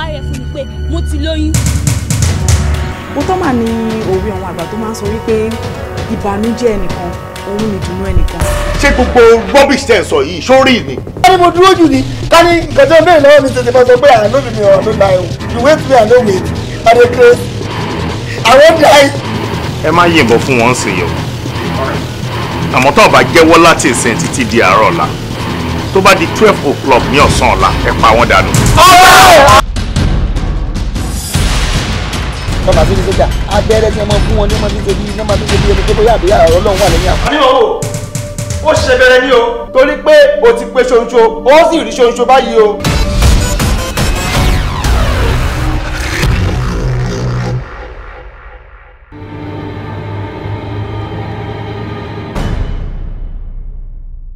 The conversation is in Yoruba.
wá yẹ fún mi pé mo ti lóyún. mo tọ́ mà ní òwe àwọn àgbà tó máa ń sọ wípé ìbànújẹ́ ẹnìkan òun ni ìdùnnú ẹnìkan. ṣé gbogbo rubbish tẹ̀ sọ yìí sórí ni. ká ní mo dúró jù ní ká ní nǹkan tó ń béèrè lọ́wọ́ mi tètè máa sọ pé àánú mi ni ọ̀rọ̀ ló la you wait me and no wait i dey craze i wan die. ẹ má yìnbọn fún wọn sí yìí o àmọ́ tó bá jẹ́wọ́ láti ìsìn títí di àárọ̀ ọ̀la tó bá di twelve o'clock ní ọ̀sán ọ̀la ẹ pa wọ́n dànù. ọ̀rẹ́ tó máa fi ní sójà abẹ́rẹ́ tí wọ́n máa fún wọn ní wọ́n máa fi ṣe bí wọ́n máa fi ṣe bí ẹni tó bóyá àbíyá ọlọ́run wà lẹ́yìn àwọn. àníwò ó ṣe bẹ̀rẹ̀ ní o torí pé o ti pé ṣoṣo ó sì rí ṣoṣo báyìí o.